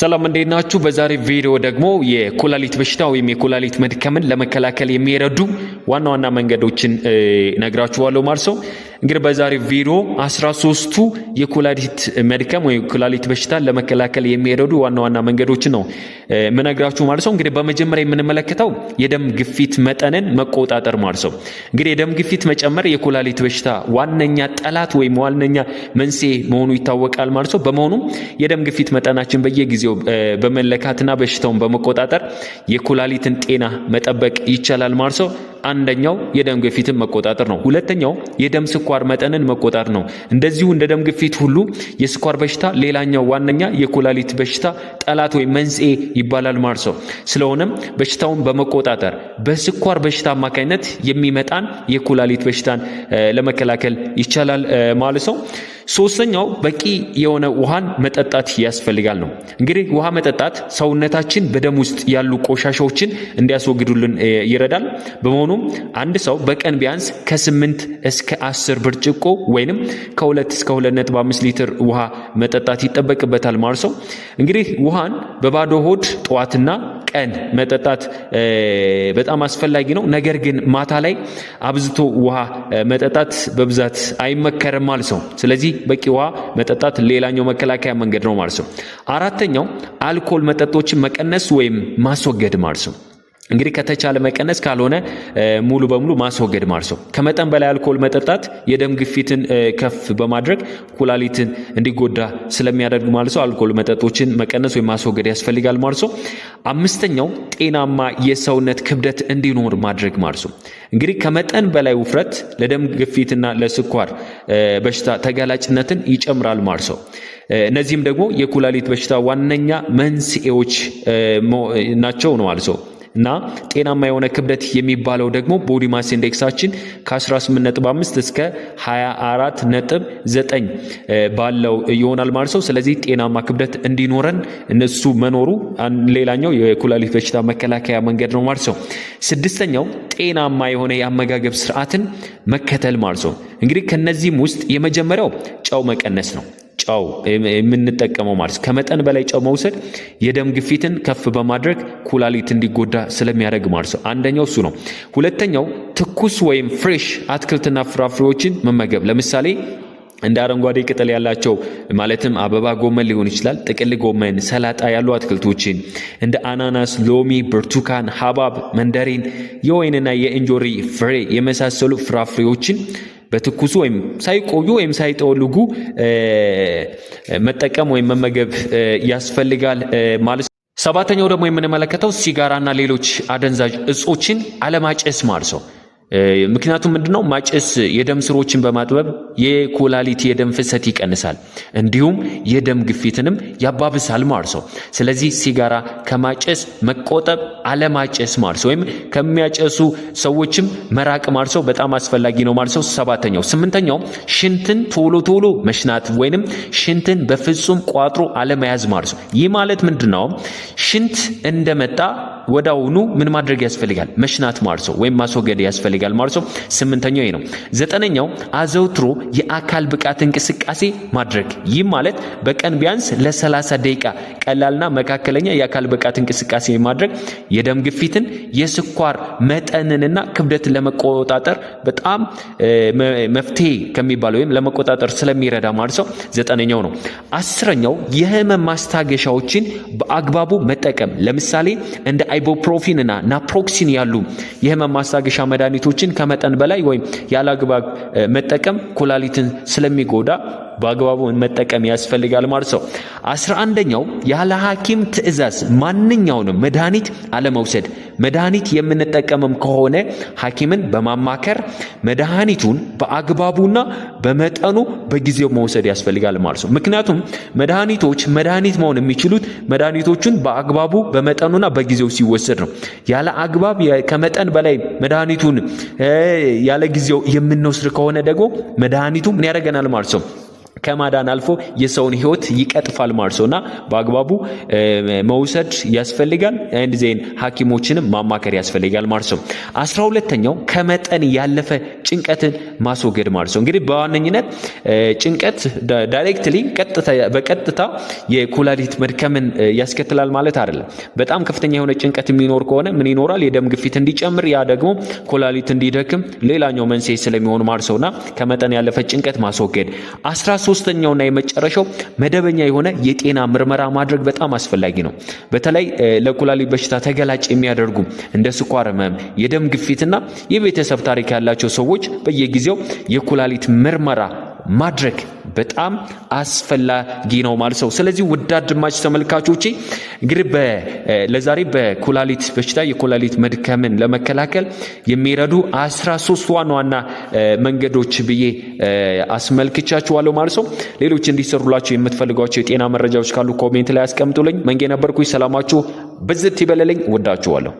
ሰላም እንዴት ናችሁ? በዛሬ ቪዲዮ ደግሞ የኩላሊት በሽታ ወይም የኩላሊት መድከምን ለመከላከል የሚረዱ ዋና ዋና መንገዶችን ነግራችኋለሁ ማለት ነው። እንግዲህ በዛሬ ቪዲዮ አስራ ሶስቱ የኩላሊት መድከም ወይ ኩላሊት በሽታ ለመከላከል የሚረዱ ዋና ዋና መንገዶችን ነው ምነግራችሁ ማለት ነው። እንግዲህ በመጀመሪያ የምንመለከተው የደም ግፊት መጠንን መቆጣጠር ማለት ነው። እንግዲህ የደም ግፊት መጨመር የኩላሊት በሽታ ዋነኛ ጠላት ወይም ዋነኛ መንስኤ መሆኑ ይታወቃል ማለት ነው። በመሆኑም የደም ግፊት መጠናችን በየጊዜው በመለካትና በሽታውን በመቆጣጠር የኩላሊትን ጤና መጠበቅ ይቻላል ማለት ነው። አንደኛው የደም ግፊትን መቆጣጠር ነው። ሁለተኛው የደም ስኳር መጠንን መቆጣጠር ነው። እንደዚሁ እንደ ደም ግፊት ሁሉ የስኳር በሽታ ሌላኛው ዋነኛ የኩላሊት በሽታ ጠላት ወይም መንስኤ ይባላል ማለት ነው። ስለሆነም በሽታውን በመቆጣጠር በስኳር በሽታ አማካኝነት የሚመጣን የኩላሊት በሽታን ለመከላከል ይቻላል ማለት ነው። ሶስተኛው በቂ የሆነ ውሃን መጠጣት ያስፈልጋል ነው። እንግዲህ ውሃ መጠጣት ሰውነታችን በደም ውስጥ ያሉ ቆሻሻዎችን እንዲያስወግዱልን ይረዳል። በመሆኑም አንድ ሰው በቀን ቢያንስ ከስምንት እስከ አስር ብርጭቆ ወይንም ከሁለት እስከ ሁለት ነጥብ አምስት ሊትር ውሃ መጠጣት ይጠበቅበታል ማርሰው እንግዲህ ውሃን በባዶ ሆድ ጠዋትና ቀን መጠጣት በጣም አስፈላጊ ነው። ነገር ግን ማታ ላይ አብዝቶ ውሃ መጠጣት በብዛት አይመከርም ማለት ነው። ስለዚህ በቂ ውሃ መጠጣት ሌላኛው መከላከያ መንገድ ነው ማለት ነው። አራተኛው አልኮል መጠጦችን መቀነስ ወይም ማስወገድ ማለት ነው። እንግዲህ ከተቻለ መቀነስ ካልሆነ ሙሉ በሙሉ ማስወገድ ማርሰው። ከመጠን በላይ አልኮል መጠጣት የደም ግፊትን ከፍ በማድረግ ኩላሊትን እንዲጎዳ ስለሚያደርግ ማለት አልኮል መጠጦችን መቀነስ ወይም ማስወገድ ያስፈልጋል ማለት አምስተኛው ጤናማ የሰውነት ክብደት እንዲኖር ማድረግ ማለት እንግዲህ ከመጠን በላይ ውፍረት ለደም ግፊትና ለስኳር በሽታ ተጋላጭነትን ይጨምራል ማለት እነዚህም ደግሞ የኩላሊት በሽታ ዋነኛ መንስኤዎች ናቸው ነው ማለት እና ጤናማ የሆነ ክብደት የሚባለው ደግሞ ቦዲ ማስ ኢንዴክሳችን ከ18.5 እስከ 24.9 ባለው ይሆናል ማለት ነው። ስለዚህ ጤናማ ክብደት እንዲኖረን እነሱ መኖሩ ሌላኛው የኩላሊት በሽታ መከላከያ መንገድ ነው ማለት ነው። ስድስተኛው ጤናማ የሆነ የአመጋገብ ስርዓትን መከተል ማለት ነው። እንግዲህ ከነዚህም ውስጥ የመጀመሪያው ጨው መቀነስ ነው። ጨው የምንጠቀመው ማለት ከመጠን በላይ ጨው መውሰድ የደም ግፊትን ከፍ በማድረግ ኩላሊት እንዲጎዳ ስለሚያደርግ ማለት ነው። አንደኛው እሱ ነው። ሁለተኛው ትኩስ ወይም ፍሬሽ አትክልትና ፍራፍሬዎችን መመገብ ለምሳሌ እንደ አረንጓዴ ቅጠል ያላቸው ማለትም አበባ ጎመን ሊሆን ይችላል፣ ጥቅል ጎመን፣ ሰላጣ ያሉ አትክልቶችን እንደ አናናስ፣ ሎሚ፣ ብርቱካን፣ ሀባብ፣ መንደሪን፣ የወይንና የእንጆሪ ፍሬ የመሳሰሉ ፍራፍሬዎችን በትኩሱ ወይም ሳይቆዩ ወይም ሳይጠወልጉ መጠቀም ወይም መመገብ ያስፈልጋል ማለት ነው። ሰባተኛው ደግሞ የምንመለከተው ሲጋራና ሌሎች አደንዛዥ እጾችን አለማጨስ ማለት ነው። ምክንያቱም ምንድነው ማጨስ የደም ስሮችን በማጥበብ የኮላሊት የደም ፍሰት ይቀንሳል፣ እንዲሁም የደም ግፊትንም ያባብሳል ማለት ነው። ስለዚህ ሲጋራ ከማጨስ መቆጠብ አለማጨስ ማርሰው ወይም ከሚያጨሱ ሰዎችም መራቅ ማርሰው በጣም አስፈላጊ ነው ማርሰው። ሰባተኛው ስምንተኛው ሽንትን ቶሎ ቶሎ መሽናት ወይንም ሽንትን በፍጹም ቋጥሮ አለመያዝ ማርሰው። ይህ ማለት ምንድነው? ሽንት እንደመጣ ወዳውኑ ምን ማድረግ ያስፈልጋል? መሽናት ማርሶ ወይም ማስወገድ ያስፈልጋል ማርሶ። ስምንተኛው ይሄ ነው። ዘጠነኛው አዘውትሮ የአካል ብቃት እንቅስቃሴ ማድረግ። ይህ ማለት በቀን ቢያንስ ለ30 ደቂቃ ቀላልና መካከለኛ የአካል ብቃት እንቅስቃሴ ማድረግ የደም ግፊትን፣ የስኳር መጠንንና ክብደትን ለመቆጣጠር በጣም መፍትሄ ከሚባለው ወይም ለመቆጣጠር ስለሚረዳ ማርሶ ዘጠነኛው ነው። አስረኛው የህመም ማስታገሻዎችን በአግባቡ መጠቀም ለምሳሌ እንደ አይቦፕሮፊንና ናፕሮክሲን ያሉ የህመም ማስታገሻ መድኃኒቶችን ከመጠን በላይ ወይም ያለአግባብ መጠቀም ኩላሊትን ስለሚጎዳ በአግባቡ መጠቀም ያስፈልጋል ማለት ነው። አስራ አንደኛው ያለ ሐኪም ትእዛዝ ማንኛውንም መድኃኒት አለመውሰድ። መድኃኒት የምንጠቀምም ከሆነ ሐኪምን በማማከር መድኃኒቱን በአግባቡና በመጠኑ በጊዜው መውሰድ ያስፈልጋል ማለት ነው። ምክንያቱም መድኃኒቶች መድኃኒት መሆን የሚችሉት መድኃኒቶቹን በአግባቡ በመጠኑና በጊዜው ሲ ሲወሰድ ነው። ያለ አግባብ ከመጠን በላይ መድኃኒቱን ያለ ጊዜው የምንወስድ ከሆነ ደግሞ መድኃኒቱ ምን ያደርገናል ማለት ነው ከማዳን አልፎ የሰውን ህይወት ይቀጥፋል ማለት ሰው እና በአግባቡ መውሰድ ያስፈልጋል። አንድ ዜን ሐኪሞችንም ማማከር ያስፈልጋል ማለት ሰው። አስራ ሁለተኛው ከመጠን ያለፈ ጭንቀትን ማስወገድ ማለት ሰው። እንግዲህ በዋነኝነት ጭንቀት ዳይሬክትሊ በቀጥታ የኩላሊት መድከምን ያስከትላል ማለት አይደለም። በጣም ከፍተኛ የሆነ ጭንቀት የሚኖር ከሆነ ምን ይኖራል? የደም ግፊት እንዲጨምር፣ ያ ደግሞ ኩላሊት እንዲደክም ሌላኛው መንስኤ ስለሚሆን ማለት ነው እና ከመጠን ያለፈ ጭንቀት ማስወገድ አስራ ሶስተኛውና የመጨረሻው መደበኛ የሆነ የጤና ምርመራ ማድረግ በጣም አስፈላጊ ነው። በተለይ ለኩላሊት በሽታ ተገላጭ የሚያደርጉ እንደ ስኳር ህመም፣ የደም ግፊትና የቤተሰብ ታሪክ ያላቸው ሰዎች በየጊዜው የኩላሊት ምርመራ ማድረግ በጣም አስፈላጊ ነው ማለት ነው። ስለዚህ ውድ አድማጭ ተመልካቾቼ እንግዲህ ለዛሬ በኩላሊት በሽታ የኩላሊት መድከምን ለመከላከል የሚረዱ አስራ ሶስት ዋና ዋና መንገዶች ብዬ አስመልክቻችኋለሁ ማለት ነው። ሌሎች እንዲሰሩላቸው የምትፈልጓቸው የጤና መረጃዎች ካሉ ኮሜንት ላይ አስቀምጡልኝ። መንጌ ነበርኩኝ። ሰላማችሁ ብዝት ይበለልኝ። ወዳችኋለሁ።